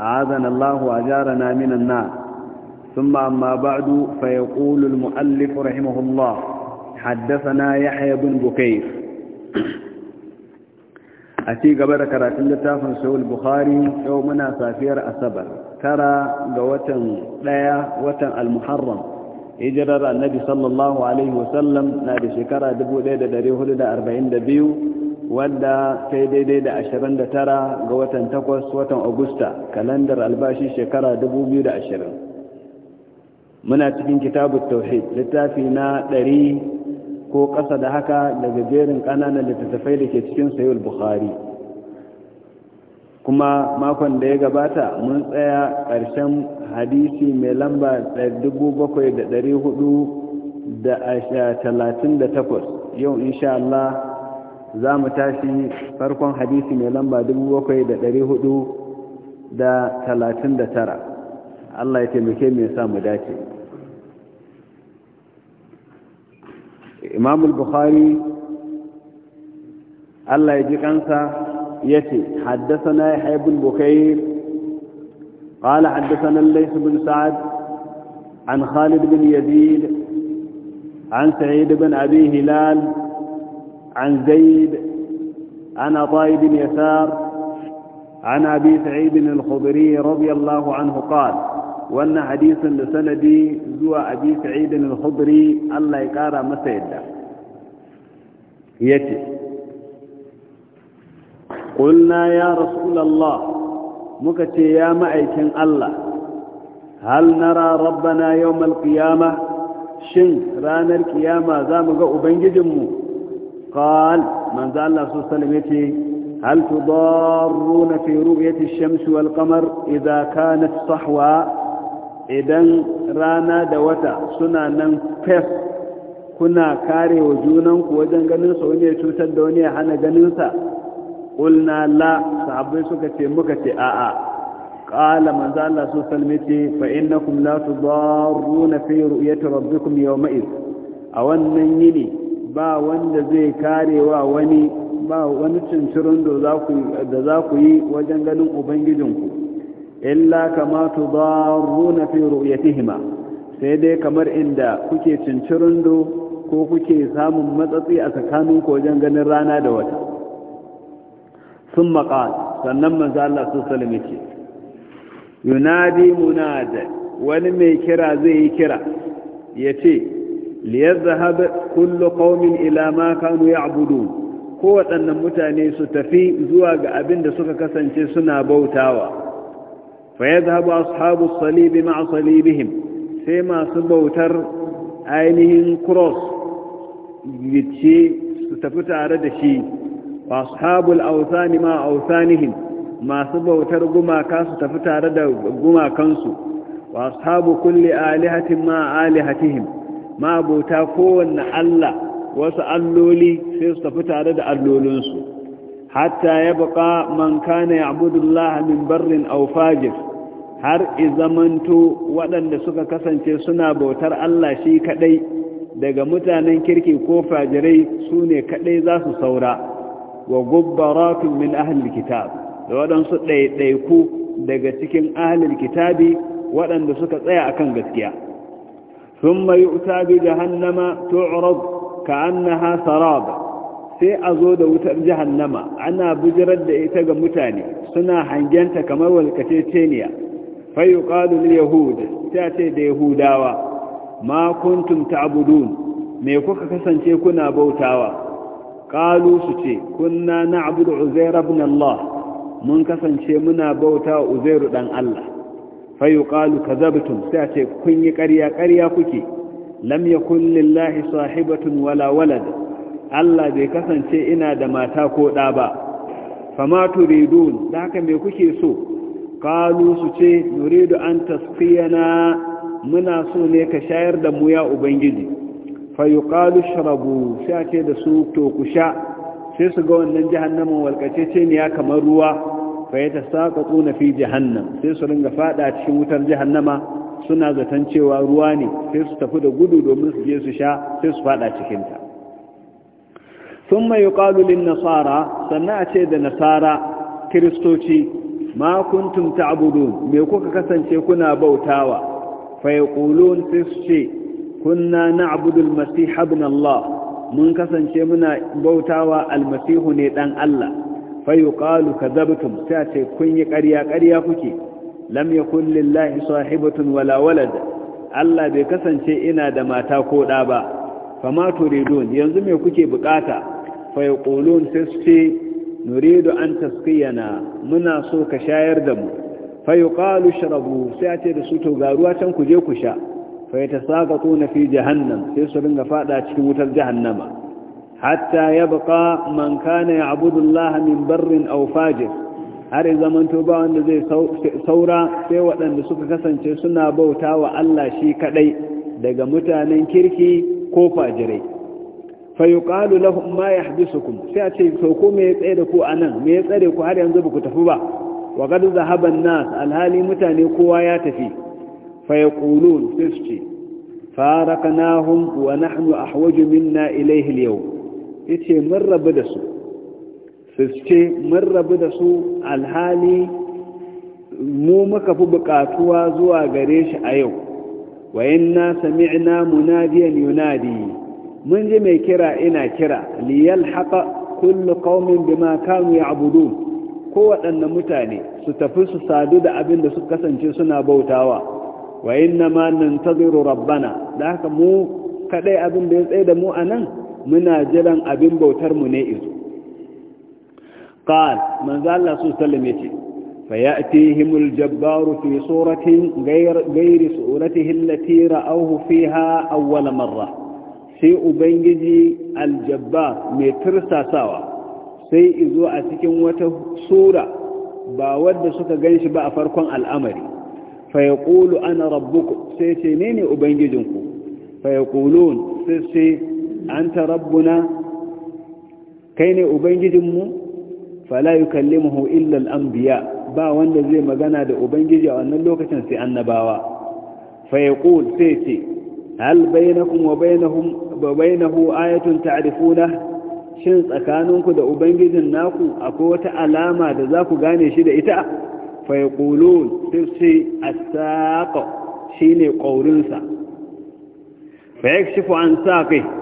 أعاذنا الله وأجارنا من النار ثم أما بعد فيقول المؤلف رحمه الله حدثنا يحيى بن بكير أتي قبل كرات اللتاف سوء البخاري يومنا سافير أسبر ترى قوة ليا وتن المحرم إجرر النبي صلى الله عليه وسلم نادي شكرا دبو ليدة دريه لدى أربعين دبيو wadda sai daidai da 29 ga watan 8 watan agusta kalandar albashi shekara 2020 muna cikin kitabu tauhid littafi na ɗari ko ƙasa da haka daga jerin ƙananan littattafai da ke cikin sayul bukhari kuma makon da ya gabata mun tsaya ƙarshen hadisi mai lamba da 7438 yau insha Allah za mu tashi farkon hadisi mai lamba tara. Allah ya taimake mai sa mu dace imam al-bukhari Allah ya ji kansa ya ce haddasa na ya haibun bukair قال حدثنا الليث bin sa'ad An khalid bin yazid. An sa'id bin abin hilal. عن زيد عن عطاء بن يسار عن أبي سعيد الخضري رضي الله عنه قال وأن حديث لسندي زوى أبي سعيد الخضري الله يقارى مسيدا يتي قلنا يا رسول الله مكتي يا مأيكن الله هل نرى ربنا يوم القيامة شن ران القيامة za mu قال من ذا الله صلى الله عليه وسلم هل تضارون في رؤية الشمس والقمر إذا كانت صحوة إذن رانا دوتا سنة ننفس كنا كاري وجونك وجن قننس وني توسد دوني حنا قننسا قلنا لا صحابي سكتي مكتي آآ قال من ذا الله صلى الله عليه وسلم فإنكم لا تضارون في رؤية ربكم يومئذ أولا يني ba wanda zai karewa wani ba wani cincirin da za ku yi wajen ganin ubangijinku illa kama runa fi ru'yatihima sai dai kamar inda kuke cincirin do ko kuke samun matsatsi a tsakanin ku wajen ganin rana da wata sun maƙal sannan manzo Allah su salimi ce yunadi munada wani mai kira zai yi kira ya ce liyazhab kullu qaumin ila ma kanu ya'budun kowaɗannan mutane su tafi zuwa ga abin da suka kasance suna bautawa fa yadhhabu ashabu as-salib ma'a salibihim sai masu bautar ainihin cross gice su tafi tare da shi wa ashabul awthani ma'a awthanihim masu bautar gumaka su tafi tare da gumakansu wa ashabu kulli alihatin ma'a alihatihim mabota kowanne Allah wasu alloli sai su tafi tare da allolinsu hatta ya buƙa man kana ya abudullah min barrin aw fajir har izamanto waɗanda suka kasance suna bautar Allah shi kaɗai daga mutanen kirki ko fajirai su ne kaɗai za su saura wa gubbaratun min ahlil kitab da waɗansu ɗaiɗaiku daga cikin ahalin kitabi waɗanda suka tsaya akan gaskiya ثم يؤتى بجهنم تعرض كأنها سراب sai a zo da wutar jahannama ana bujirar da ita ga mutane suna hangenta kamar walkaceceniya fayu ƙalul Yahudu, ta ce da yahudawa ma kuntum ta'budun me kuka kasance kuna bautawa ƙalu su ce kunna na'budu uzair ibn Allah mun kasance muna bautawa uzairu dan Allah fayuqalu kadhabtum sai a ce kun yi ƙarya ƙarya kuke lam yakul lillahi sahibatun wala walad Allah bai kasance ina da mata ko ɗa ba fama turidun da haka me kuke so qalu su ce nuridu an tasqiyana muna so ne ka shayar da mu ya ubangiji fayuqalu shrabu sai a ce da su to ku sha sai su ga wannan jahannama walkace ce ne ya kamar ruwa fa ya tasaqatu fi jahannam sai su ringa fada cikin wutar jahannama suna zaton cewa ruwa ne sai su tafi da gudu domin su je su sha sai su fada cikin ta thumma yuqalu lin nasara sanna ce da nasara kristoci ma kuntum ta'budun me kuka kasance kuna bautawa fa yaqulun kunna na'budu al-masih ibn Allah mun kasance muna bautawa al-masih ne dan Allah fayuqalu kadhabtum sai ce kun yi ƙarya ƙarya kuke lam yakun lillahi sahibatun wala walad Allah bai kasance ina da mata ko da ba ma turidun yanzu me kuke bukata fayuqulun sai su ce nuridu an taskiyana muna so ka shayar da mu fayuqalu shrabu sai ce da su to garuwa can ku je ku sha na fi jahannam sai su ringa fada cikin wutar jahannama hatta يبقى man كان ya'budu الله min barrin أو فاجر har zaman to ba wanda zai saura sai waɗanda suka kasance suna bauta wa Allah shi kadai daga mutanen kirki ko fajirai fa yuqalu lahum ma yahdisukum sai a ce to ko me ya tsaye da ku anan me ya tsare ku har yanzu ba ku tafi ba wa gadu zahaban nas alhali mutane kowa ya tafi fa yaqulun sai su ce faraknahum wa nahnu ahwaju minna ilayhi al-yawm yace mun rabu da su su ce mun rabu da su alhali mu muka fi buƙatuwa zuwa gare shi a yau wa inna sami'na munadiyan yunadi mun ji mai kira ina kira liyal yalhaqa kullu qaumin bima kanu ya'budun ko waɗanne mutane su tafi su sadu da abin da su kasance suna bautawa wa inna ma nantaziru rabbana da haka mu kadai abin da ya tsaye da mu anan muna jiran abin bautar mu ne izo qal manzo Allah su sallame ce fa ya'tihim al-jabbaru fi suratin ghayr ghayr suratihi allati ra'awhu fiha awwal marra sai ubangiji aljabbar me mai tirsasawa sai izo a cikin wata sura ba wadda suka ganshi ba a farkon al'amari fa yaqulu ana rabbukum sai ce ne ne ubangijinku fa yaqulun sai anta rabbuna kai ne ubangijinmu fala yukallimuhu illa al-anbiya ba wanda zai magana da ubangiji a wannan lokacin sai annabawa fa yaqul sai ce hal bainakum wa bainahu ayatun ta'rifuna shin tsakaninku da ubangijin naku akwai wata alama da za ku gane shi da ita fa yaqulun sai ce as-saq shine qaurinsa fa yakshifu an saqi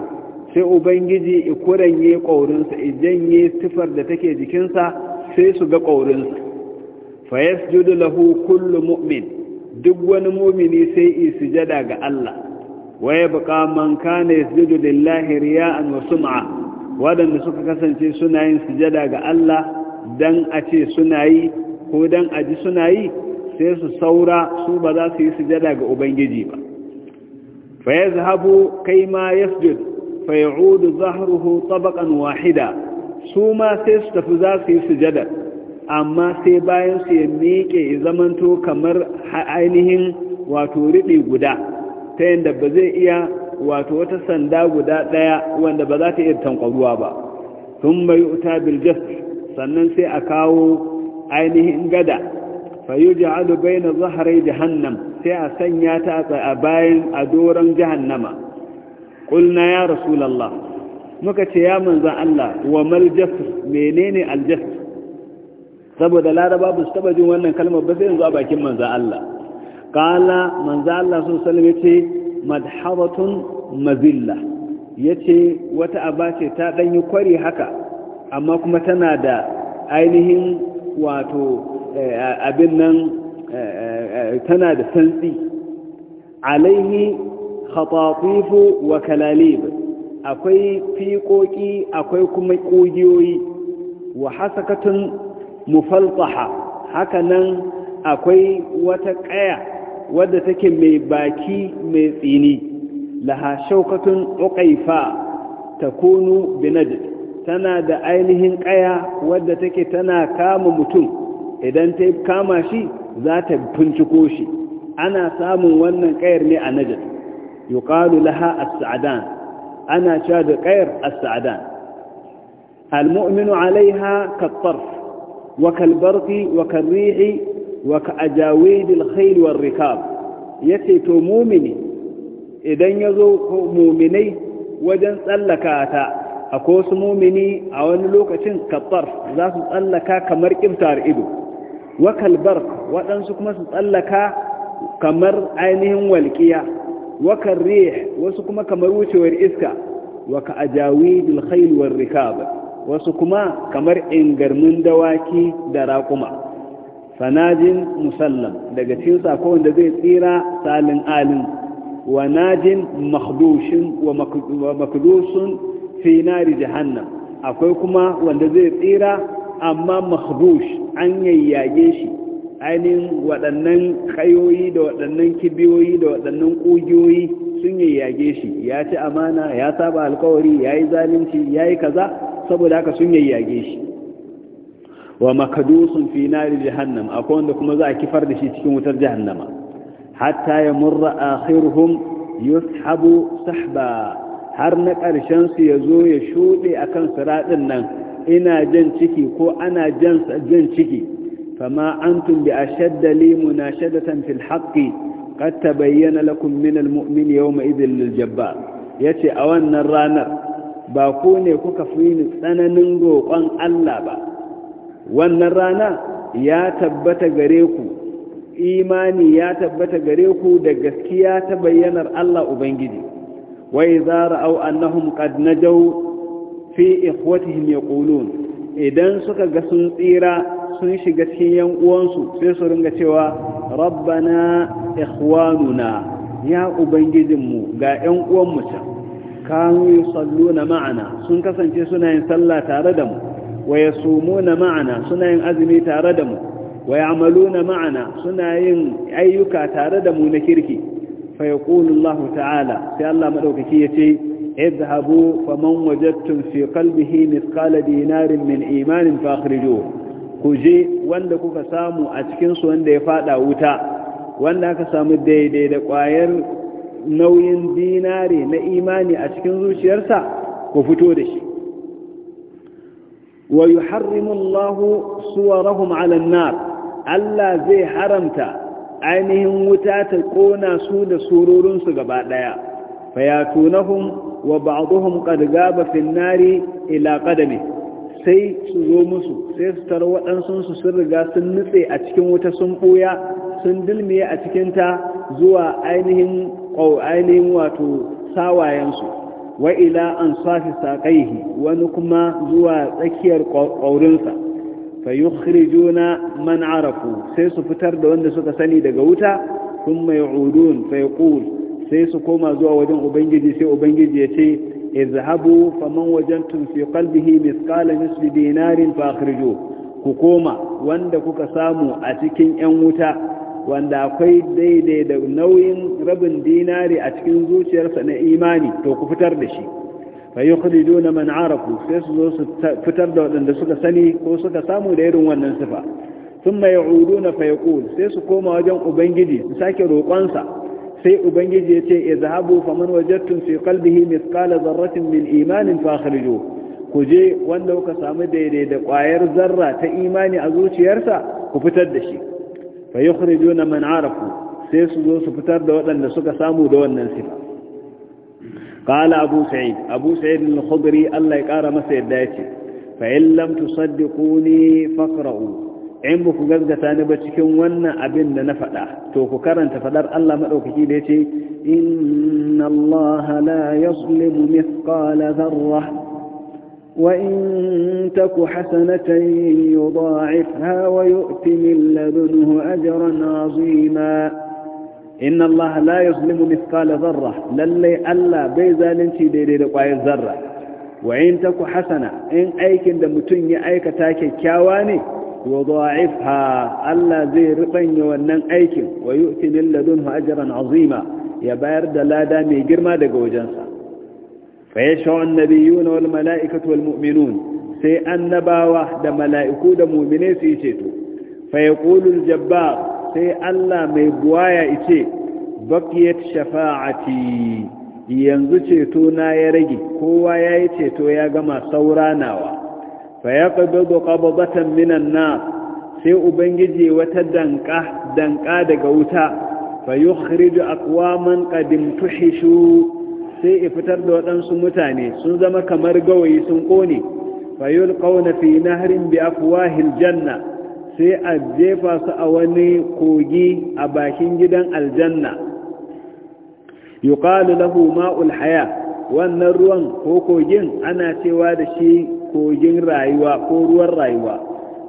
sai ubangiji i kuranye ƙaurinsa i janye sifar da take jikinsa sai su ga ƙaurinsa fa yasjudu lahu kullu mu'min duk wani mumini sai i sujada ga Allah wa yabqa man kana yasjudu lillahi riya'an wa sum'a wadanda suka kasance suna yin sujada ga Allah dan a ce suna yi ko dan a ji suna yi sai su saura su ba za su yi sujada ga ubangiji ba fa yazhabu kaima yasjudu fayaudu zahruhu tabaqan wahida su ma sai su tafi za su yi sujada amma sai bayan su ya miƙe zamanto kamar ainihin wato riɗi guda ta yadda ba zai iya wato wata sanda guda ɗaya wanda ba za ta iya tankwaruwa ba sun mai uta biljas sannan sai a kawo ainihin gada fayu bai na zaharai jahannam sai a sanya ta a bayan a doron jahannama qulna ya rasulullah muka ce ya manzon Allah wa mal menene al saboda laraba ba su taba jin wannan kalmar ba sai yanzu a bakin manzon Allah kala manzon Allah sun sallame ce madhabatun mazilla yace wata abace ta danyi kwari haka amma kuma tana da ainihin wato abin nan tana da santsi alaihi khatatif wa kalalib akwai fiƙoƙi akwai kuma ƙugiyoyi wa hasakatun mufaltaha haka nan akwai wata ƙaya wadda take mai baki mai tsini Lahashaukatun shaukatun uqaifa takunu binajd tana da ainihin ƙaya wadda take tana kama mutum idan ta kama shi za ta binciko shi ana samun wannan ƙayar ne a najd يقال لها السعدان أنا شاذ قير السعدان المؤمن عليها كالطرف وكالبرق وكالريح وكأجاويد الخيل والركاب يسيت مؤمني إذا يذوق مؤمني وجن سلكاتا أكوس مؤمني نلوك لوكة كالطرف ذات سلكا كمركب تارئدو وكالبرق وأنسكم سلكا كمر عينهم والكيا wa karrih wasu kuma kamar wucewar iska wa ka ajawidul khayl war rikab wasu kuma kamar ingarmin dawaki da raƙuma fanajin musallam daga cikin sako wanda zai tsira salin alin wa najin makhdushin wa makdusun fi nari jahannam akwai kuma wanda zai tsira amma makhdush an yayyage shi ainihin waɗannan kayoyi da waɗannan kibiyoyi da waɗannan ƙugiyoyi sun yayyage shi ya ci amana ya saba alkawari ya yi zalunci ya yi kaza saboda haka sun yage shi wa makadusun fi da jahannam akwai wanda kuma za a kifar da shi cikin wutar jahannama hatta ya murra akhiruhum yushabu sahba har na ƙarshen su ya zo ya shuɗe akan siraɗin nan ina jan ciki ko ana jan ciki فما أنتم بأشد لي مناشدة في الحق قد تبين لكم من المؤمن يومئذ للجبار يتي أولنا الرانر باكوني كفين سننن قوقان ألا با wannan rana ya tabbata gare ku imani ya tabbata gare ku da gaskiya ta bayyanar Allah Ubangiji wa idza ra'aw annahum qad najaw fi ikhwatihim yaqulun idan suka ga sun tsira sun shiga cikin yan uwansu sai su ringa cewa rabbana ikhwanuna ya ubangijinmu ga yan uwan mu can kanu yusalluna ma'ana sun kasance suna yin sallah tare da mu wa yasumuna ma'ana suna yin azumi tare da mu wa ya'maluna ma'ana suna yin ayyuka tare da mu na kirki fa yaqulu Allah ta'ala sai Allah madaukaki yace اذهبوا فمن وجدتم في قلبه مثقال دينار من إيمان فأخرجوه ku je wanda kuka samu a cikinsu wanda ya fada wuta wanda aka samu daidai da kwayar nauyin dinare na imani a cikin zuciyarsa ku fito da shi wa yuharrimu Allahu suwarahum 'ala an Allah zai haramta ainihin wuta ta kona su da surorin su gaba daya fayatunahum wa ba'dhum qad gaba fil nari ila qadamihi sai su zo musu sai su tara waɗansunsu sun riga sun nutse a cikin wuta sun ɓoya sun dilmiye a cikinta zuwa ainihin ainihin wato sawayensu wa ila an safi saƙaihi wani kuma zuwa tsakiyar ƙaurinsa fa juna man arafu sai su fitar da wanda suka sani daga wuta sun mai fa sai su koma zuwa wajen ubangiji sai ubangiji ya ce izhabu faman wajantum fi qalbihi mithqala misli dinarin fa ku koma wanda kuka samu a cikin yan wuta wanda akwai daidai da nauyin rabin dinari a cikin zuciyarsa na imani to ku fitar da shi fa yukhrijuna man arafu sai su zo su fitar da wadanda suka sani ko suka samu da irin wannan sifa thumma ya'uduna fa yaqul sai su koma wajen ubangiji su sake roƙonsa sai ubangiji ya ce izhabu faman wajadtum fi qalbihi mithqala dharratin min imanin fakhrijuhu ku je wanda kuka samu daidai da ƙwayar zarra ta imani a zuciyarsa ku fitar da shi fa yukhrijuna man arafu sai su zo su fitar da waɗanda suka samu da wannan sifa qala abu sa'id abu sa'id al-khudri Allah ya kara masa yadda yace fa in lam tusaddiquni faqra'u in ba ku gaggata ne ba cikin wannan abin da na faɗa to ku karanta fadar Allah madaukaki da yace inna Allah la yuzlimu mithqala dharra wa in taku hasanatan yudha'ifha wa yu'ti min ladunhu ajran 'azima inna Allah la yuzlimu mithqala dharra lalle Allah bai zalunci daidai da kwayar zarra wa in taku hasana in aikin da mutun ya aikata kyakkyawa ne yudha'ifha Allah zai rubanya wannan aikin wa yu'ti min ladunhu ajran azima ya bayar da lada mai girma daga wajensa fa yashau annabiyuna wal mala'ikatu wal mu'minun sai annabawa da mala'iku da mu'mine su yi ceto fa yaqulu al jabbar sai Allah mai buwaya yace baqiyat shafa'ati yanzu ceto na ya rage kowa yayi ceto ya gama sauranawa fa ya qabdatan minan nar sai ubangiji wata danka danka daga wuta fa aqwaman qadim tuhishu sai fitar da waɗansu mutane sun zama kamar gawayi sun kone fa fi nahrin bi afwahil janna sai a jefa su a wani kogi a bakin gidan aljanna yuqalu lahu ma'ul haya wannan ruwan ko kogin ana cewa da shi kogin rayuwa ko ruwan rayuwa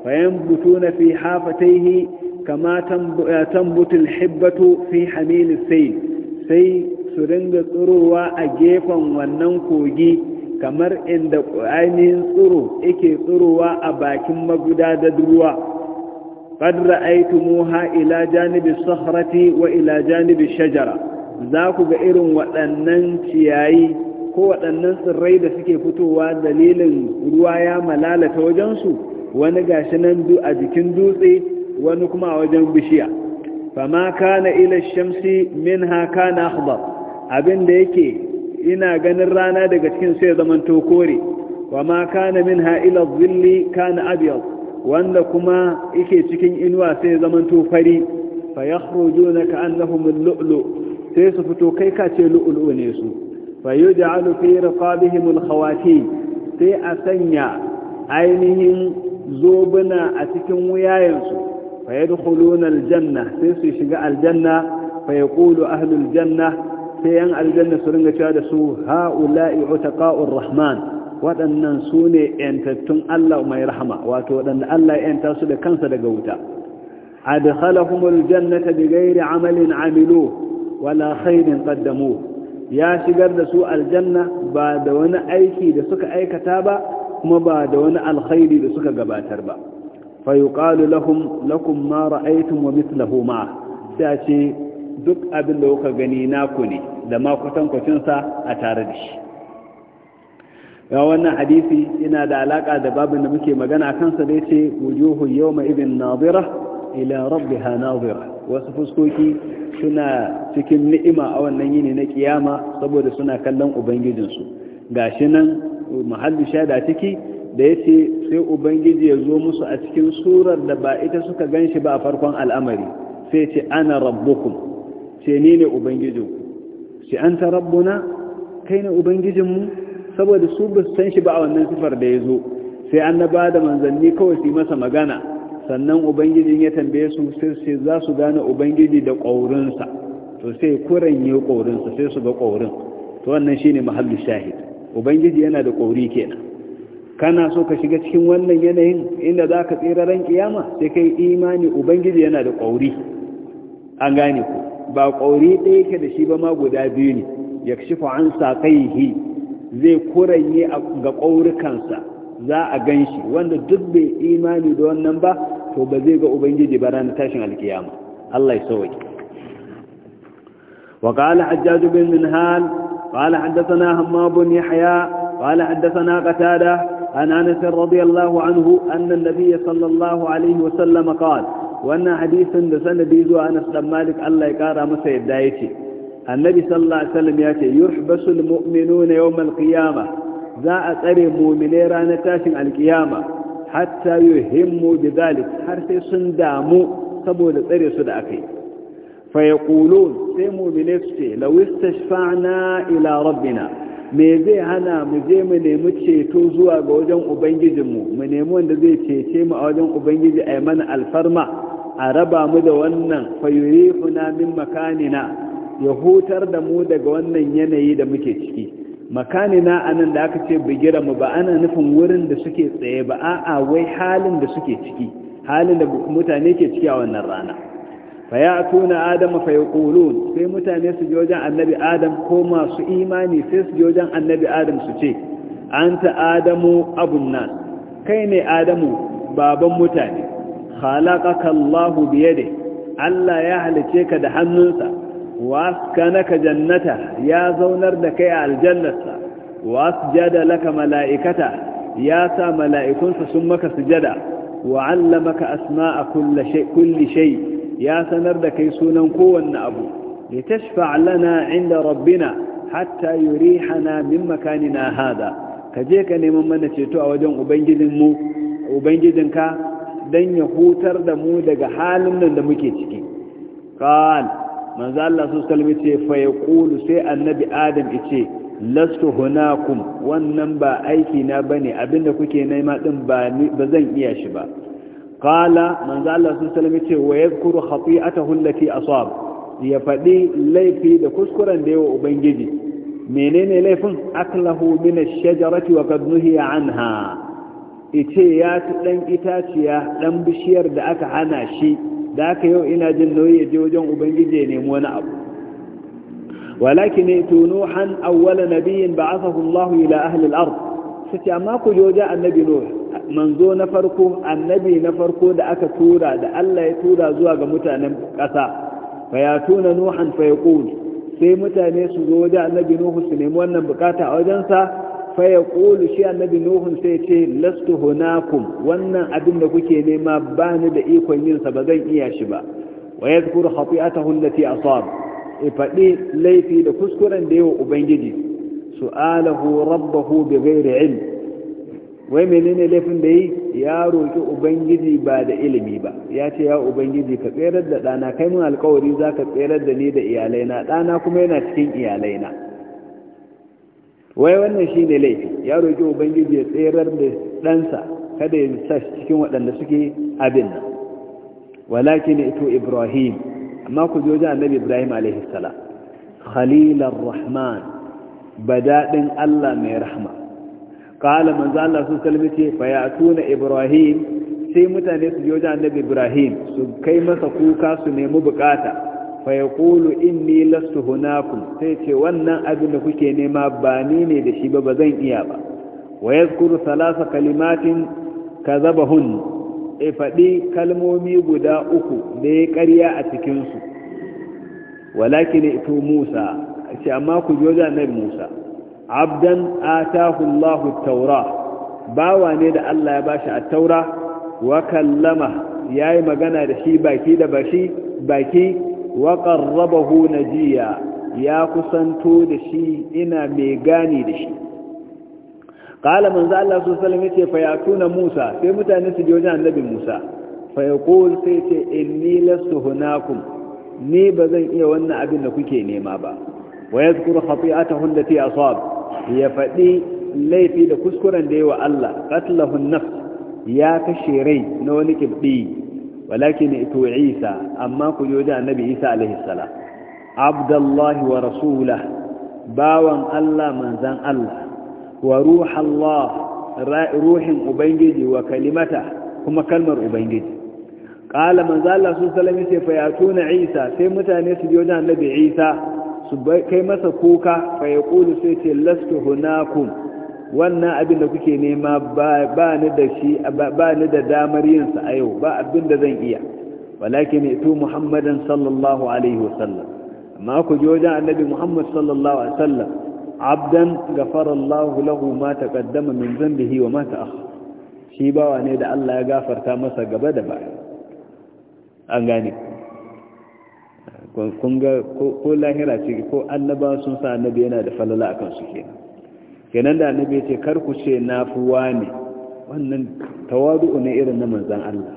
fayan butu na fi hafataihi kama eh, tambutul hibbatu fi hamil sai sai su ringa tsirowa a gefen wannan kogi kamar inda ainihin tsiro yake tsirowa a bakin magudadar ruwa qad ra'aytumuha ila janibi sahrati wa ila janibi shajara za ku ga irin waɗannan ciyayi ko waɗannan tsirrai da suke fitowa dalilin ruwa ya malalata wajensu wani gashi nan a jikin dutse wani kuma a wajen bishiya fama kana ila shamsi min haka na akhbar abin da yake ina ganin rana daga cikin sai zaman to kore wa ma kana min ha ila zilli kana abyad wanda kuma yake cikin inuwa sai zaman to fari fa yakhrujuna ka annahum al-lu'lu sai su fito kai ka ce lu'lu'u ne su فيجعل في رقابهم الخواتيم sai a sanya ainihin zobuna a cikin wuyayensu fa ya aljanna sai su shiga aljanna fa ƙulu ahlul janna sai yan aljanna su ringa cewa da su ha'ula'i utaqa'ur rahman waɗannan su ne ‘yantattun Allah mai rahama wato waɗanda Allah ‘yanta su da kansa daga wuta adkhalahumul jannata bi ghairi amalin amilo wala khairin qaddamu ya shigar da su aljanna ba da wani aiki da suka aikata ba kuma ba da wani alkhairi da suka gabatar ba fayuqalu lahum lakum ma ra'aytum wa mithluhu ma ce duk abin da kuka gani naku ne da ma kwatankwacin sa a tare da shi ga wannan hadisi yana da alaka da babin da muke magana kansa da yace wujuhu yawma idhin nadira ila rabbiha nazira wasu fuskoki suna cikin ni'ima a wannan yini na kiyama saboda suna kallon ubangijinsu gashi nan muhalli shada ciki da yace sai ubangiji ya zo musu a cikin surar da ba ita suka ganshi ba a farkon al'amari sai ce ana rabbukum ce ni ne ubangijin ce an ta rabbuna kai ne ubangijinmu saboda su ba san shi ba a wannan sifar da ya zo sai an na ba da manzanni kawai su yi masa magana sannan ubangiji ya tambaye su sai za su gane ubangiji da ƙaurinsa to sai kuranye ƙaurinsa sai su ga ƙaurin to wannan shine mahallu shahid ubangiji yana da ƙauri kenan kana so ka shiga cikin wannan yanayin inda za ka tsira ran kiyama sai kai imani ubangiji yana da ƙauri an gane ku ba ƙauri ɗaya yake da shi ba ma guda biyu ne ya shifa an saƙaihi zai kuranye ga ƙaurukansa za a gan shi wanda duk bai imani da wannan ba ko ba zai ga ubangiji ba ran tashin alkiyama Allah ya sauke wa qala hajjaj bin minhal qala hadathana hammam bin yahya qala hadathana qatada an anas radhiyallahu anhu anna an-nabiy sallallahu alayhi wa sallam qala wa anna hadithan da sanadi zuwa anas dan malik Allah ya kara masa yadda yake annabi sallallahu alaihi wasallam yace yuhbasu almu'minuna yawm alqiyama za a tsare mu'mine ranar tashin alkiyama hatta yuhimmu bi har sai sun damu saboda tsare su da akai fa yaqulun sai mu bi ce law istashfa'na ila rabbina me zai hana mu je mu nemi ceto zuwa ga wajen ubangijinmu mu nemi wanda zai cece mu a wajen ubangiji a mana alfarma a raba mu da wannan fayurihuna min makanina ya hutar da mu daga wannan yanayi da muke ciki makani na anan da aka ce bigira mu ba ana nufin wurin da suke tsaye ba a'a wai halin da suke ciki halin da mutane ke ciki a wannan rana fa ya tuna adam fa yaqulun sai mutane su je wajen annabi adam ko masu imani sai su je wajen annabi adam su ce anta adamu abun nas kai ne adamu baban mutane khalaqaka allah biyade allah ya halice ka da hannunsa waskanaka jannata ya zaunar da kai a aljannarsa wasjada laka mala'ikata ya sa mala'ikunsa sun maka sujada wa 'allamaka asma'a kulli shay ya sanar da kai sunan kowanne abu litashfa' lana 'inda rabbina hatta yurihana min makanina hada kaje ka neman mana ceto a wajen ubangijinmu ubangijinka dan ya hutar da mu daga halin nan da muke ciki qala manzo Allah su salmi ce fa yaqulu sai annabi adam ice lastu hunakum wannan ba aiki na bane abinda kuke nema din ba zan iya shi ba qala manzo Allah su salmi ce wa yadhkuru khati'atahu allati asab ya fadi laifi da kuskuren da yawa ubangiji menene laifin aklahu min ash-shajarati wa qad nuhiya anha ice ya ci dan itaciya dan bishiyar da aka hana shi da haka yau ina jin nauyi ya je wajen ubangiji ya nemi wani abu walakin itu nuhan awwala nabiyyin ba'athahu Allah ila ahlil al Su ce amma ku je wajen annabi nuh manzo na farko annabi na farko da aka tura da Allah ya tura zuwa ga mutanen ƙasa fa ya tuna nuhan fa yaqul sai mutane su zo wajen annabi nuhu su nemi wannan bukata a wajensa fa ya ƙolu shi annabi nuhun sai ce lastu hunakum wannan abin da kuke nema ba ni da ikon yinsa ba zan iya shi ba wa ya zukuru allati asab e faɗi laifi da kuskuren da yawa ubangiji su'alahu rabbahu bi ghairi ilm wai menene laifin da yi ya roki ubangiji ba da ilimi ba ya ce ya ubangiji ka tserar da ɗana kai mun alkawari za ka tserar da ni da iyalaina ɗana kuma yana cikin iyalaina wai wannan shi ne laifi ya roƙi ubangiji ya tserar da ɗansa kada ya sa cikin waɗanda suke abin nan walakin ito ibrahim amma ku zo ji annabi ibrahim alaihi khalilar rahman badaɗin allah mai rahma ƙala manzo allah su kalmi ce fayatuna ibrahim sai mutane su ji annabi ibrahim su kai masa kuka su nemi bukata fa yaqulu inni lastu hunakum sai ce wannan abin da kuke nema ba ni ne da shi ba ba zan iya ba wa yadhkuru thalatha kalimatin kazabahun. e faɗi kalmomi guda uku da ya ƙarya a cikin su walakin ito Musa ce amma ku ji wajen annabi Musa abdan atahu Allahu taura bawa ne da Allah ya bashi a taura wa kallama yayi magana da shi baki da bashi baki wa qarrabahu najiya ya kusanto da shi ina mai gani da shi qala manzo Allah sallallahu alaihi wasallam yace fa yatuna Musa sai mutane su je wajen annabi Musa fa yaqul sai ce inni lastu hunaku ni bazan iya wannan abin da kuke nema ba wa yadhkuru khati'atahu allati asab ya faɗi laifi da kuskuren da yawa Allah qatlahu an ya kashe rai na wani kibdi walakin ito isa amma ku yi annabi isa alaihissalam abdullahi wa rasulah bawan allah manzan allah wa ruhallah ruhin ubangiji wa kalimata kuma kalmar ubangiji ƙala manzo Allah sun salami ce fa yatuna Isa sai mutane su biyo da Annabi Isa su kai masa kuka fa yaqulu sai ce lastu hunakum wannan abin da kuke nema ba ni da shi ba ni da damar yin sa a yau ba abin da zan iya walakin ito muhammadan sallallahu alaihi wasallam amma ku ji wajen annabi muhammad sallallahu alaihi wasallam abdan gafara Allah lahu ma taqaddama min dhanbihi wa ma ta'akhkhara shi bawa ne da Allah ya gafarta masa gaba da baya an gane kun ga ko lahira ce ko annaba sun sa annabi yana da falala akan su kenan kenan da annabi ya ce kar ku ce na fi wannan tawadu ne irin na manzan Allah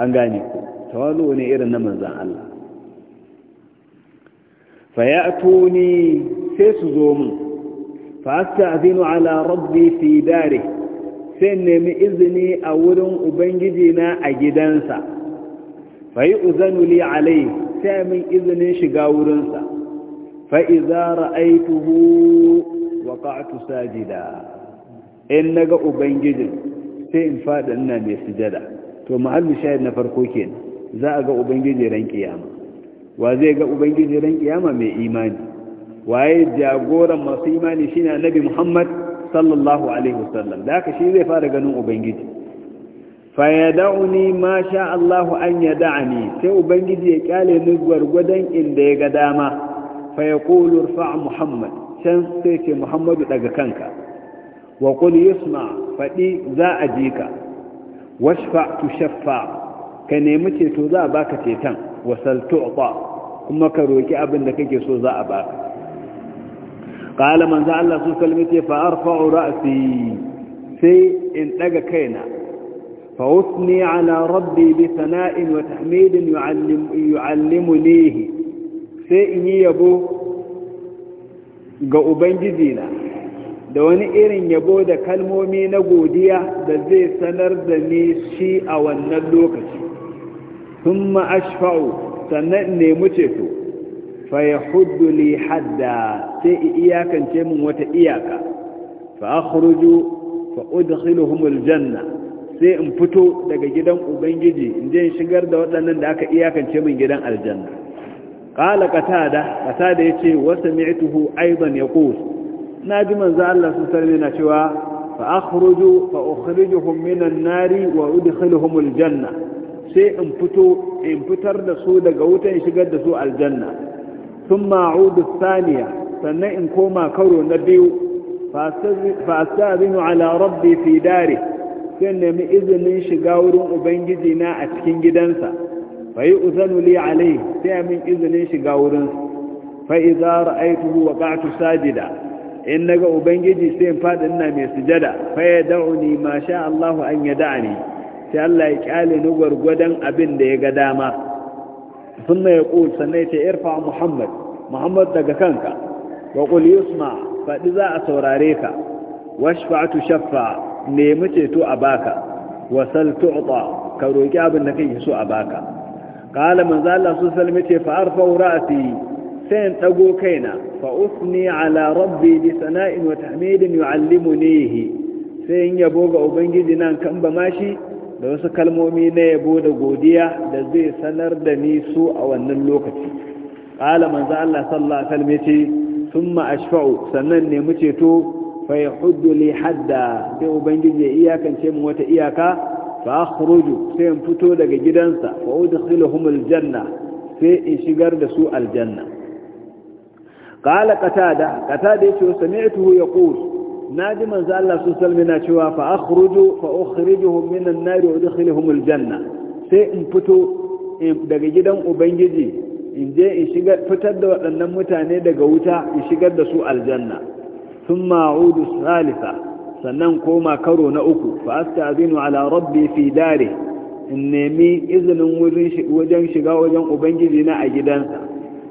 an gane ku tawadu ne irin na manzan Allah fa ya'tuni sai su zo mu fa asta'zinu ala rabbi fi dari sai nemi izini a wurin ubangiji na a gidansa fa yi uzanu li alai sai min izinin shiga wurinsa fa iza ra'aituhu waqa'tu sajida in naga ubangijin sai in faɗa ina mai sujada to ma'allu shahid na farko kenan za a ga ubangiji ran wa zai ga ubangiji ran mai imani waye jagoran masu imani shine annabi Muhammad sallallahu alaihi wasallam da haka shi zai fara ganin ubangiji fa yad'uni ma sha Allahu an da'ani, sai ubangiji ya kyale ni gwargwadon inda ya ga dama fa yaqulu irfa Muhammad can sai ce muhammadu daga kanka wa qul yusma faɗi za a ji ka washfa tu shaffa ka nemi ceto za a baka ceton wasal tu'ta kuma ka roki abin da kake so za a baka qala man Allah su kalmi ce fa arfa'u ra'si sai in ɗaga kaina fa ala rabbi bi sana'in wa tahmidin yu'allim yu'allimunihi sai in yi yabo ga ubangiji na da wani irin yabo da kalmomi na godiya da zai sanar da ni shi a wannan lokaci sun ma'ashfa'u sannan nemi ceto ya hudu li hadda sai iyakance min wata iyaka fa akhruju fa udkhiluhum janna sai in fito daga gidan ubangiji in je shigar da waɗannan da aka iyakance min gidan aljanna qala qatada qatada yace wa ya aidan Na ji manzo Allah sun alaihi na cewa fa akhruju fa ukhrijuhum minan nari wa udkhiluhum aljanna sai in fito in fitar da su daga wutan shigar da su aljanna thumma a'udu thaniya sannan in koma karo na biyu fa astazinu ala rabbi fi dari sai nemi izinin shiga wurin ubangiji na a cikin gidansa fa yi uzanu li alai sai min izinin shiga wurin fa idza ra'aytuhu waqa'tu sajida in naga ubangiji sai in fadi ina mai sujada fa yad'uni ma sha Allah an yad'ani sai Allah ya kyale ni gwargwadon abin da ya ga dama sunna ya qul sannan ce irfa muhammad muhammad daga kanka wa qul yusma fadi za a saurare ka washfa'tu shaffa nemi ceto a baka wasal tu'ta ka roki abin da kake so a baka qala za Allah sun salmi ce fa arfa sai in dago kaina fa usni ala rabbi bi sana'in wa tahmidin yu'allimunihi sai in yabo ga ubangiji nan kan ba mashi da wasu kalmomi na yabo da godiya da zai sanar da ni su a wannan lokaci qala za Allah sallallahu alaihi wasallam ce thumma ashfa'u sannan nemi ceto fa yahuddu li hadda sai ubangiji ya iyakance mu wata iyaka fa akhruju sai in fito daga gidansa fa udkhiluhum aljanna sai in shigar da su aljanna qala qatada qatada yace sami'tuhu yaqul naji manzo Allah su salmina cewa fa akhruju fa ukhrijuhum min an-nar wa udkhiluhum aljanna sai in fito daga gidan ubangiji in je in shigar fitar da waɗannan mutane daga wuta in shigar da su aljanna thumma a'udu salisa sannan koma karo na uku fa azinu ala rabbi fi dare in nemi izinin wajen shiga wajen ubangiji na a gidansa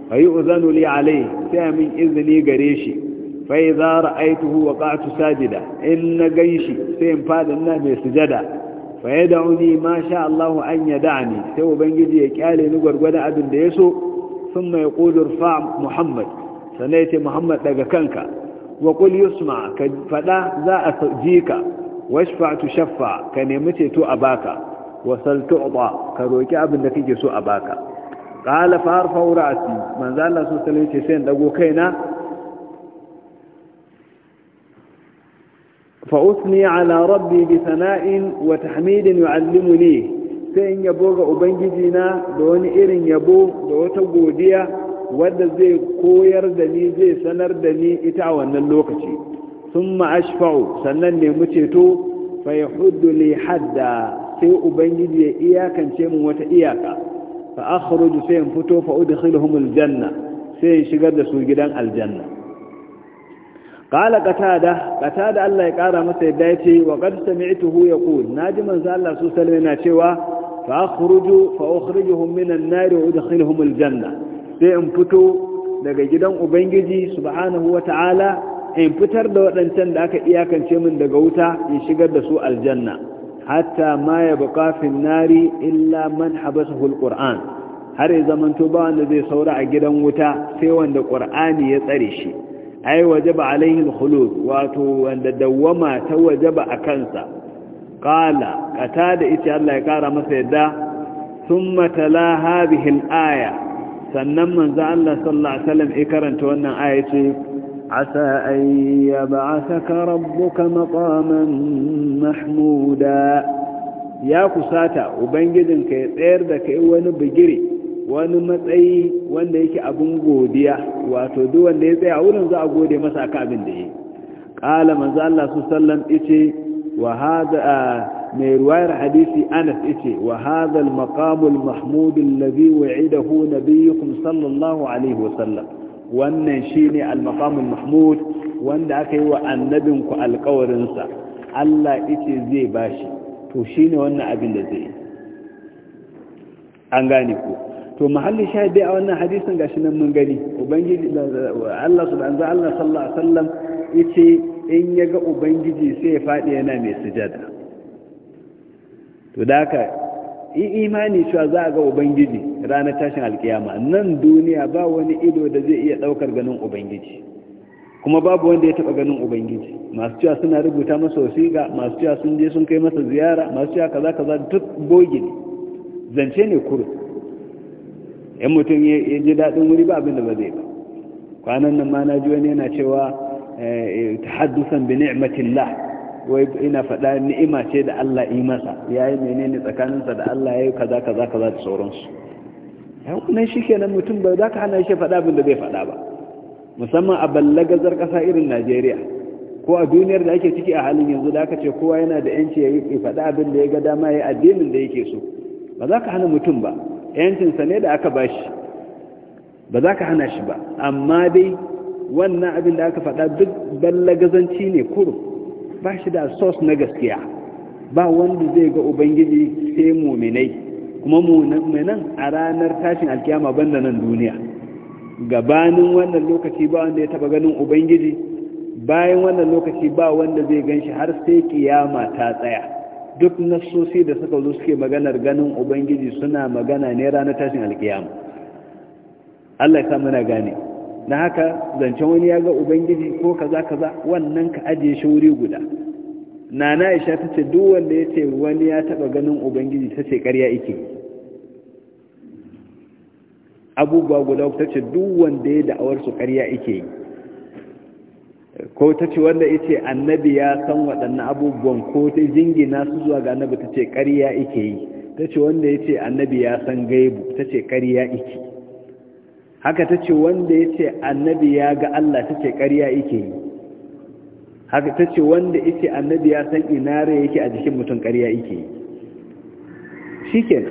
fa yi uzanu li alai sai min izini gare shi fa idza wa waqa'tu sajida in na ganshi sai in fada ina mai sujada fa yad'uni ma sha Allah an yad'ani sai ubangiji ya kyale ni gwargwadon abin da Sun mai kudur fa Muhammad sanai ce Muhammad daga kanka wa qul yusma ka fada za a ji ka washfa shaffa ka nemi ceto a baka wasal tu'ta ka roki abin da kake so a baka qala fa arfa'u ra'si manzo Allah sallallahu alaihi ce sai dago kaina فأثني على ربي بثناء وتحميد يعلمني sai in yabo ga ubangiji na da wani irin yabo da wata godiya wanda zai koyar da ni zai sanar da ni ita a wannan lokaci sun ma'ashfa'u sannan nemi ceto fa ya hudu li hadda sai ubangiji ya iyakance mun wata iyaka fa akhruju sai in fito fa udkhiluhum aljanna sai in shigar da su gidan aljanna qala qatada qatada Allah ya kara masa yadda yace wa qad sami'tuhu yaqul naji manzo Allah su sallama yana cewa fa akhruju fa ukhrijuhum min an wa udkhiluhum aljanna sai in fito daga gidan ubangiji subhanahu ta'ala in fitar da waɗancan da aka iyakance min daga wuta in shigar da su aljanna hatta ma ya buƙa fin nari illa man habasahu alquran har ya zamanto ba wanda zai saura a gidan wuta sai wanda qur'ani ya tsare shi ai wajaba alaihi alkhulud wato wanda dawama ta wajaba a kansa qala da ita Allah ya kara masa yadda thumma tala hadhihi alaya sannan manzo Allah sallallahu alaihi wasallam ya karanta wannan aya ce asa ay yab'athaka rabbuka maqaman mahmuda ya kusata ubangijinka ya tsayar da kai wani bigire wani matsayi wanda yake abun godiya wato duk wanda ya tsaya wurin za a gode masa akan abin da yake qala manzo Allah sallallahu alaihi wasallam yace wa hada mai ruwayar hadisi anas yace wa hadha al-maqam al-mahmud alladhi wa'idahu nabiyyukum sallallahu alaihi wa sallam wannan shine al-maqam al-mahmud wanda aka yi wa annabinku alƙawarin sa Allah yace zai bashi to shine wannan abin da zai an gane ku to mahallin shahidi a wannan hadisin gashi nan mun gani ubangiji Allah subhanahu wa ta'ala sallallahu alaihi wa sallam yace in ya ga ubangiji sai ya fadi yana mai sujada to da haka yi imani cewa za a ga ubangiji ranar tashin alkiyama nan duniya ba wani ido da zai iya daukar ganin ubangiji kuma babu wanda ya taba ganin ubangiji masu cewa suna rubuta masa wasiƙa masu cewa sun je sun kai masa ziyara masu cewa kaza kaza duk bogi zance ne kuru yan mutum ya ji daɗin wuri ba abin da ba zai ba kwanan nan ma na ji wani yana cewa eh, eh, ta haddusan bi ni'matillah wai ina faɗa ni'ima ce da Allah yi masa ya yi menene tsakaninsa da Allah ya yi kaza kaza kaza da sauransu ke nan mutum ba za ka hana shi faɗa abin da bai faɗa ba musamman a ballagazar ƙasa irin Najeriya ko a duniyar da ake ciki a halin yanzu da aka ce kowa yana da yanci ya yi faɗa abin da ya ga dama ya addinin da yake so ba za ka hana mutum ba yancinsa ne da aka bashi ba za ka hana shi ba amma dai wannan abin da aka faɗa duk ballagazanci ne kurum. ba shi da source na gaskiya ba wanda zai ga ubangiji sai muminai kuma muminan a ranar tashin alkiyama banda nan duniya gabanin wannan lokaci ba wanda ya taba ganin ubangiji bayan wannan lokaci ba wanda zai ganshi har sai kiyama ta tsaya duk nassosi da suka zo suke maganar ganin ubangiji suna magana ne ranar tashin alkiyama Allah ya sa muna gane na haka zancen wani ya ga ubangiji ko kaza kaza wannan ka ajiye shi wuri guda nana aisha ta ce duk wanda ya ce wani ya taba ganin ubangiji ta ce karya ike abubuwa guda ta ce duk wanda ya da'awar su karya ike yi ko ta ce wanda ya ce annabi ya san waɗannan abubuwan ko ta jingina su zuwa ga annabi ta ce karya ike yi ta ce wanda ya ce annabi ya san gaibu ta ce karya ike haka ta ce wanda ya ce annabi ya ga Allah ta ce ƙarya ike yi haka ta ce wanda ya ce annabi ya san inare yake a jikin mutum ƙarya ike yi shi ke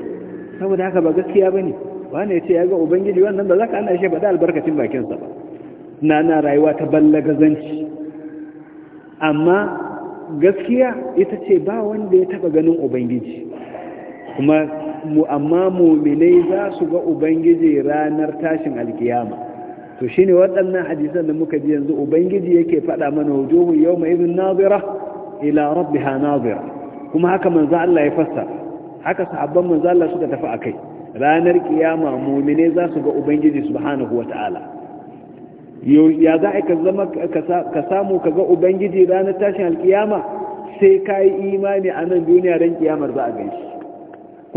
saboda haka ba gaskiya ba ne wani ya ce ya ga ubangiji wannan ba za ka ana shi ba da albarkacin bakinsa ba na na rayuwa ta ballagazanci amma gaskiya ita ce ba wanda ya taɓa ganin ubangiji kuma amma muminai za su ga ubangiji ranar tashin alkiyama to shine waɗannan hadisan da muka ji yanzu ubangiji yake faɗa mana wujuhu mai idhin nazira ila rabbiha nazira kuma haka manzo Allah ya haka sahabban manzo Allah suka tafi akai ranar kiyama mu'mine za su ga ubangiji subhanahu wataala ya za ka zama ka samu ka ga ubangiji ranar tashin alkiyama sai yi imani a nan duniya ran kiyamar za a gaishe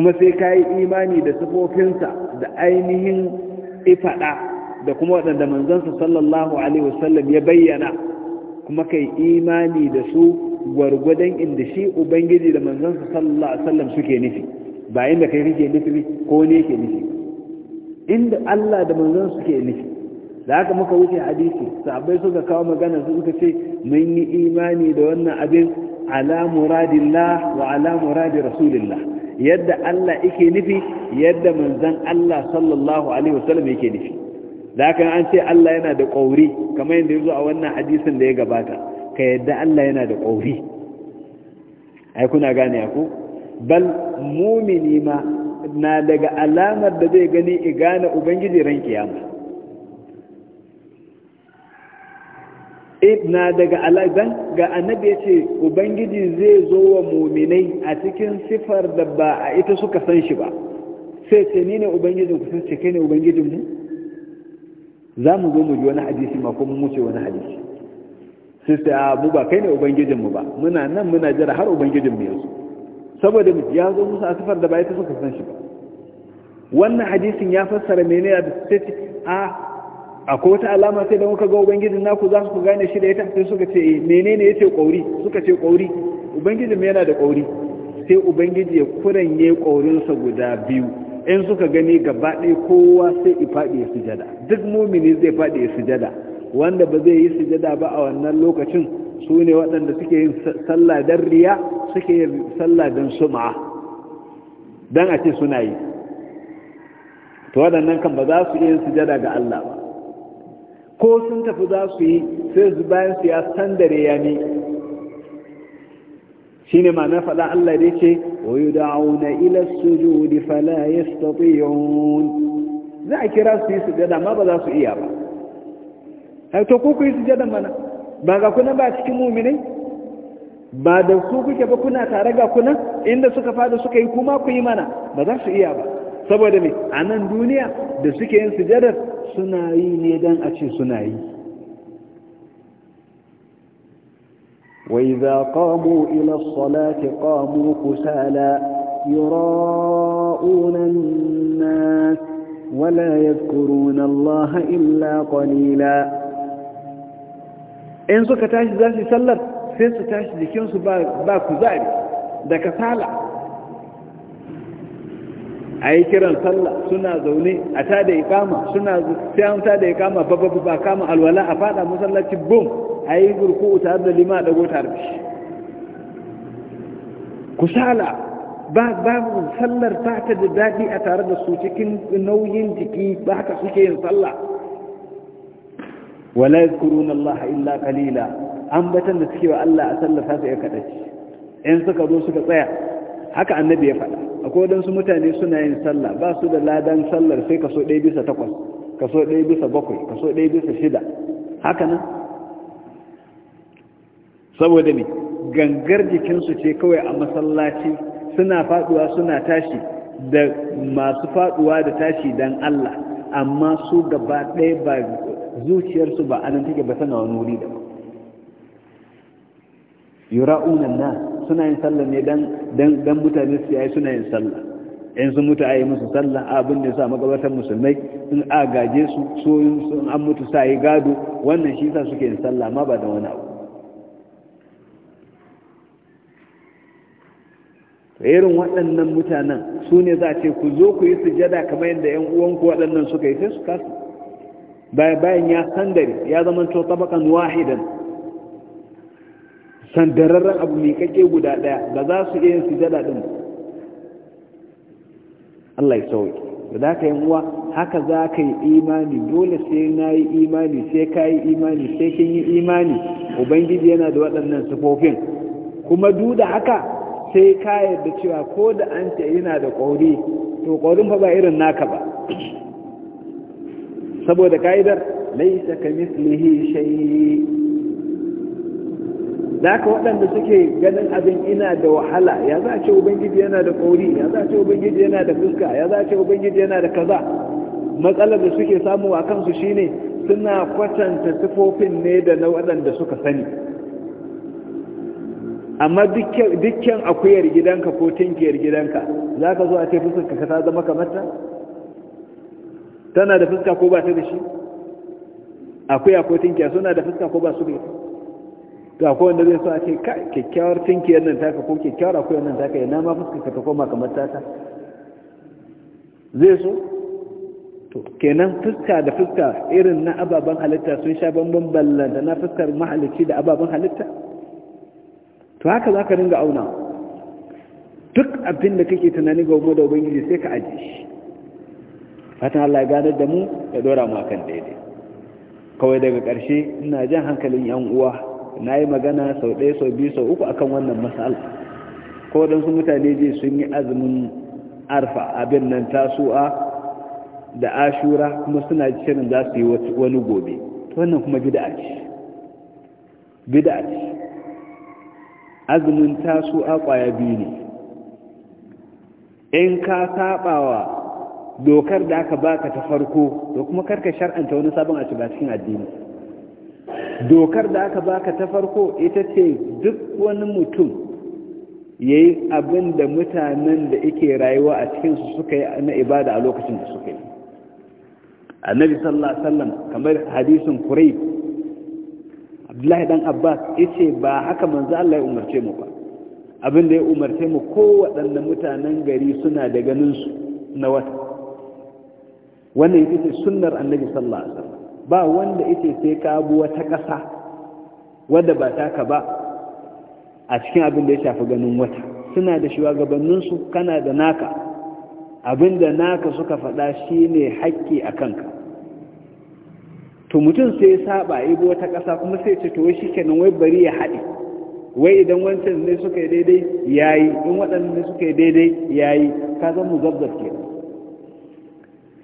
kuma sai ka yi imani da sifofinsa da ainihin ifada da kuma waɗanda manzansa sallallahu alaihi wasallam ya bayyana kuma ka yi imani da su gwargwadon inda shi ubangiji da manzansa sallallahu alaihi wasallam suke nufi ba inda kai kake nufi ko ne yake nufi inda Allah da manzansa suke nufi da haka muka wuce hadisi sahabbai suka kawo magana su suka ce mun yi imani da wannan abin ala muradillah wa ala muradi rasulillah yadda Allah yake nufi yadda manzan Allah sallallahu alaihi wasallam yake nufi da haka an ce Allah yana da kauri kamar yadda yazo a wannan hadisin da ya gabata ka yadda Allah yana da kauri ai kuna gane ku bal mumini ma na daga alamar da zai gani i gane ubangiji ran kiyama na daga alaban ga annabi ya ce ubangiji zai zo wa muminai a cikin sifar da ba a ita suka san shi ba sai ce ni ne ubangijin ku sun ce kai ne ubangijin mu za mu zo mu ji wani hadisi ma ko mu ce wani hadisi sai sai a mu ba kai ne ubangijin mu ba muna nan muna jira har ubangijin mu yanzu saboda ya zo musu a sifar da ba ita suka san shi ba wannan hadisin ya fassara menene a akwai wata alama sai da muka ga ubangijin naku za ku gane shi da ita sai suka ce eh, menene yace kauri suka ce kauri ubangijin mu yana da kauri sai ubangiji ya kuranye kaurin sa guda biyu in suka gani gaba ɗaya kowa sai i faɗi ya sujada duk mumini zai faɗi ya sujada wanda ba zai yi sujada ba a wannan lokacin su ne waɗanda suke yin sallah dan riya suke yin sallah dan sum'a dan a ce suna yi to waɗannan kan ba za su iya yin sujada ga Allah ba ko sun tafi za su yi sai su bayan su ya sandare ya ne shi ne ma na faɗa Allah da ce wa yi da'auna ila sujudi fala yastati'un za a kira su yi sujada ma ba za su iya ba ai to ku ku yi sujada mana ba ga kuna ba cikin mu'minai ba da su kuke ba kuna tare ga kuna inda suka fada suka yi kuma ku yi mana ba za su iya ba saboda me a nan duniya da suke yin sujadar suna yi ne don a ce suna yi وإذا قاموا إلى الصلاة قاموا كسالا يراءون الناس ولا يذكرون الله إلا قليلا إن سكتاش ذاتي سلب sai su tashi jikinsu ba سالا a yi kiran sallah suna zaune a ta da ikama suna sai an ta da ikama ba ba kama alwala a fada masallaci bum a yi gurku tare da lima da gota harfi kusala ba babu sallar ba ta da daɗi a tare da su cikin nauyin jiki ba ka suke yin sallah wala yadhkuruna Allah illa qalila ambatan da suke wa Allah a sallah sai ya kaɗaci in suka zo suka tsaya haka annabi ya faɗa akwai waɗansu mutane suna yin sallah ba su da ladan sallar sai kaso ɗaya bisa takwas kaso ɗaya bisa bakwai kaso ɗaya bisa shida haka nan saboda ne gangar jikinsu ce kawai a masallaci suna faɗuwa suna tashi da masu faɗuwa da tashi don Allah amma su gaba ɗaya ba zuciyarsu ba anan take ba tana wani wuri da yura'unan nan suna yin sallah ne dan dan mutane su yi suna yin sallah in sun mutu a yi musu sallah abin da sa makabartar musulmai in a gaje su so in an mutu sa yi gado wannan shi sa suke yin sallah ma ba da wani abu irin waɗannan mutanen su ne za a ce ku zo ku yi sujada kamar yadda 'yan uwanku waɗannan suka yi sai su kasu bayan ya sandari ya zama to tabakan wahidan sandararren abu mai kake guda ɗaya, ba za su iya su jada din Allah ya sauki da za ka yi uwa haka za ka yi imani dole sai na yi imani sai ka yi imani sai kin yi imani ubangiji yana da waɗannan sufofin kuma duda da haka sai ka yarda cewa ko da an ce yana da ƙauri to ƙaurin fa ba irin naka ba saboda ka'idar laisa ka mislihi shay'i da haka waɗanda suke ganin abin ina da wahala ya za a ce ubangiji yana da ƙori ya za a ce ubangiji yana da fuska ya za a ce ubangiji yana da kaza matsalar da suke samu a kansu shine suna kwatanta sifofin ne da na waɗanda suka sani amma dukkan akuyar gidanka ko tinkiyar gidanka za ka zo a ce fuskarka ka ta zama kamar ta tana da fuska ko ba ta da shi akuya ko tinkiya suna da fuska ko ba su da ga kowane wanda zai so a ce kyakkyawar tinkiyar nan taka ko kyakkyawar akwai nan taka yana ma fuska ka ta koma kamar tata zai so to kenan fuska da fuska irin na ababen halitta sun sha bambam ballanta na fuskar mahalicci da ababen halitta to haka za ka ringa auna duk abin da kake tunani ga umar da ubangiji sai ka aji shi fatan Allah ya ganar da mu ya dora mu akan daidai kawai daga ƙarshe ina jan hankalin yan uwa na yi magana sau ɗaya sau biyu sau uku akan wannan matsala ko don su mutane je sun yi azumin arfa abin nan tasu'a da ashura kuma suna shirin za su yi wani gobe wannan kuma bida ce bida ce azumin tasu'a kwaya biyu ne in ka saɓawa dokar da aka baka ta farko da kuma karka shar'anta wani sabon a cikin addini dokar da aka baka ta farko ita ce duk wani mutum ya yi abin da mutanen da ike rayuwa a cikinsu suka yi na ibada a lokacin da suka yi annabi sallallahu alaihi wasallam kamar hadisin kurai abdullahi dan abbas yace ba haka manzo Allah ya umarce mu ba abin da ya umarce mu kowaɗanne mutanen gari suna da ganin su na wata wannan ita ce sunnar annabi sallallahu alaihi wasallam ba wanda ita sai ka bi wata ƙasa wadda ba ta ka ba a cikin abin da ya shafi ganin wata suna da shugabanninsu kana da naka abin da naka suka faɗa shi ne haƙƙi a kanka to mutum sai ya saba ya bi wata ƙasa kuma sai ce to shi kenan wai bari ya haɗe wai idan wancan ne suka yi daidai yayi in waɗannan ne suka yi daidai yayi ka zan mu zabzab kenan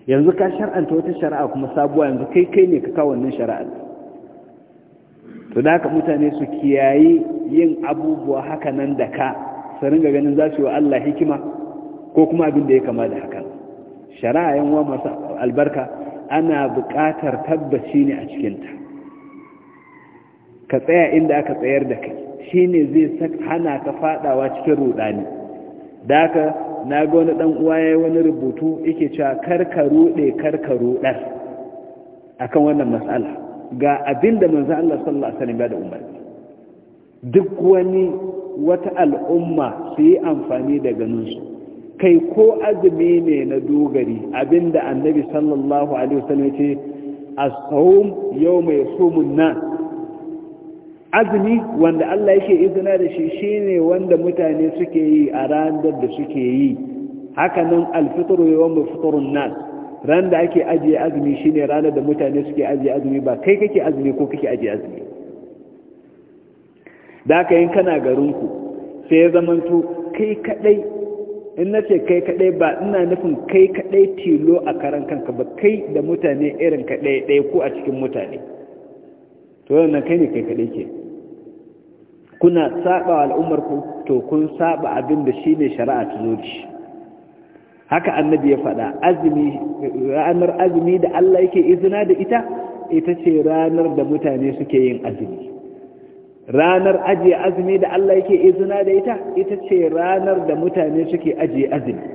yanzu ka shar'anta wata shari'a kuma sabuwa yanzu kai kai ne ka kawo wannan shari'ar to da haka mutane su kiyayi yin abubuwa haka nan da ka sarin ga ganin za su yi wa Allah hikima ko kuma abin da ya kama da haka shari'a yan wa masu albarka ana buƙatar tabbaci ne a cikinta ka tsaya inda aka tsayar da kai Shi ne zai hana ka faɗawa cikin rudani da haka na ga wani dan uwa yayi wani rubutu yake cewa karka rude karka rudar akan wannan mas'ala ga abinda manzo Allah sallallahu alaihi wasallam ya da umarni duk wani wata al'umma su yi amfani da ganinsu kai ko azumi ne na dogari abinda annabi sallallahu alaihi wasallam ya ce as-sawm yawma yasumun nas azumi wanda Allah yake izina da shi shine wanda mutane suke yi a ranar da suke yi haka nan alfitru yawm fitrun nas ran da ake ajiye azumi shine ranar da mutane suke ajiye azumi ba kai kake azumi ko kake ajiye azumi da ka yin kana garinku sai ya zamanto kai kadai in nace kai kadai ba ina nufin kai kadai tilo a karan kanka ba kai da mutane irin kadai ɗaya ko a cikin mutane to wannan kai ne kai kaɗai ke kuna saba al'ummar ku to kun saba abin da shi ne shari'a ta zo shi haka annabi ya faɗa azumi ranar azumi da Allah yake izina da ita ita ce ranar da mutane suke yin azumi ranar ajiye azumi da Allah yake izina da ita ita ce ranar da mutane suke ajiye azumi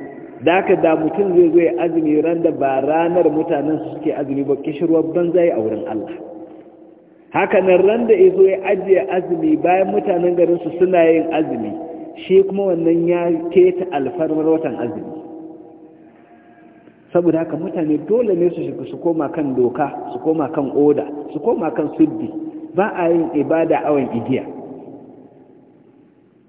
da ka da mutum zai zo ya azumi ran da ba ranar mutanen suke azumi ba kishirwar banza a wurin Allah Hakanan ran da iso ya ajiye azumi bayan mutanen garinsu suna yin azumi shi kuma wannan ya keta alfarmar watan azumi saboda haka mutane dole ne su shiga su koma kan doka su koma kan oda su koma kan suddi ba a yin ibada awon igiya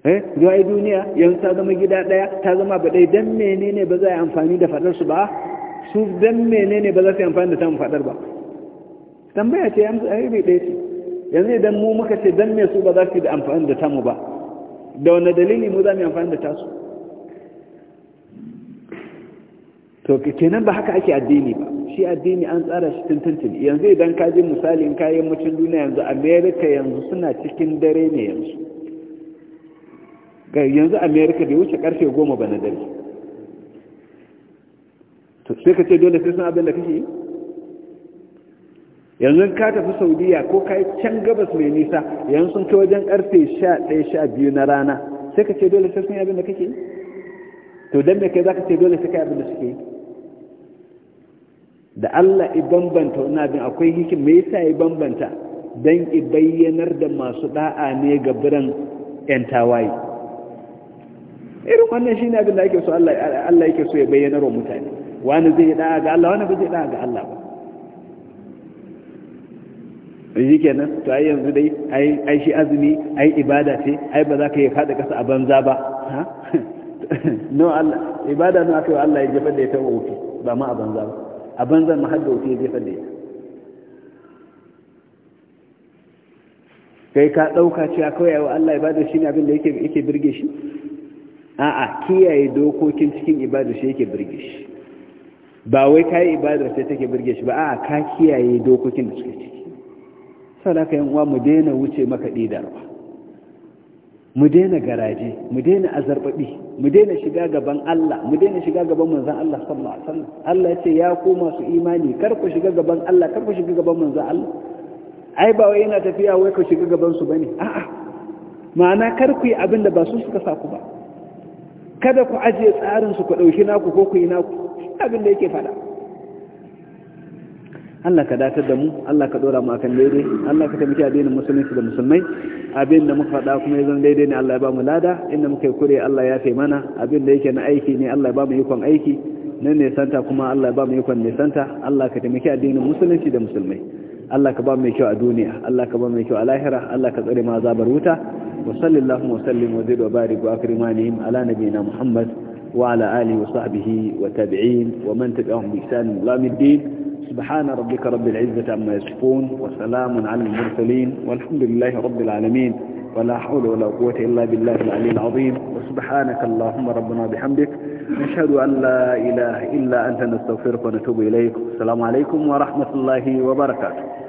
eh zuwa duniya yanzu ta zama gida daya ta zama ba dai dan menene ba za a yi amfani da fadar su ba su dan menene ba za su yi amfani da ta fadar ba tambaya ce yanzu a iri ɗaya ce yanzu idan mu muka ce dan me su ba za su yi da amfani da tamu ba da wani dalili mu za mu yi amfani da tasu to kenan ba haka ake addini ba shi addini an tsara shi tuntuntun yanzu idan ka ji misali in kayan mucin duniya yanzu america yanzu suna cikin dare ne yanzu yanzu america bai wuce karfe goma ba na dare to sai ka ce dole sai sun abin da kake yi yanzu ka tafi saudiya ko ka yi can gabas mai nisa yanzu sun ci wajen karfe sha ɗaya sha biyu na rana sai ka ce dole sai sun yi abin da kake yi to don me kai za ka ce dole sai ka yi abin da suke yi da allah i bambanta wani abin akwai hikim me yasa ya bambanta don i bayyanar da masu da'a ne ga biran yan tawaye irin wannan shi ne abin da ake so allah yake so ya bayyanar wa mutane wani zai yi da'a ga allah wani ba zai da'a ga allah ba shi kenan to ai yanzu dai ai shi azumi ai ibada ce ai ba za ka yi faɗi ƙasa a banza ba no Allah ibada na aka yi Allah ya jefa da ya taɓa wuce ba ma a banza ba a banzan ma har da wuce ya jefa da ya kai ka ɗauka cewa kawai wa Allah ibada shi ne abin da yake birge shi a'a kiyaye dokokin cikin ibada shi yake birge shi ba wai ka yi ibada sai take birge shi ba a'a ka kiyaye dokokin da suke ci sadaka yan uwa mu daina wuce makaɗi da mu daina garaje mu daina azarbabi mu daina shiga gaban Allah mu daina shiga gaban manzon Allah sallallahu alaihi wasallam Allah ya ce ya ku masu imani kar ku shiga gaban Allah kar ku shiga gaban manzon Allah ai ba wai yana tafiya wai ku shiga gaban su bane a'a ma'ana kar ku yi abin da ba su suka saku ba kada ku ajiye tsarin su ku dauki naku ko ku yi naku abin da yake fada Allah ka datar da mu Allah ka dora mu akan daidai Allah ka tabbata addinin musulunci da musulmai abin da muka faɗa kuma yanzu daidai ne Allah ya ba mu lada inda muka yi kure Allah ya mana abin da yake na aiki ne Allah ya ba mu ikon aiki na nesanta kuma Allah ya ba mu nesanta Allah ka taimaki addinin musulunci da musulmai Allah ka ba mu kyau a duniya Allah ka ba mu kyau a lahira Allah ka tsare maza zabar wuta wa sallallahu wa sallim wa zid wa barik wa akrimanihim ala nabiyina Muhammad wa ala alihi wa sahbihi wa tabi'in wa man tabi'ahum bi ihsan ila سبحان ربك رب العزة عما يصفون وسلام على المرسلين والحمد لله رب العالمين ولا حول ولا قوة إلا بالله العلي العظيم وسبحانك اللهم ربنا بحمدك نشهد أن لا إله إلا أنت نستغفرك ونتوب إليك السلام عليكم ورحمة الله وبركاته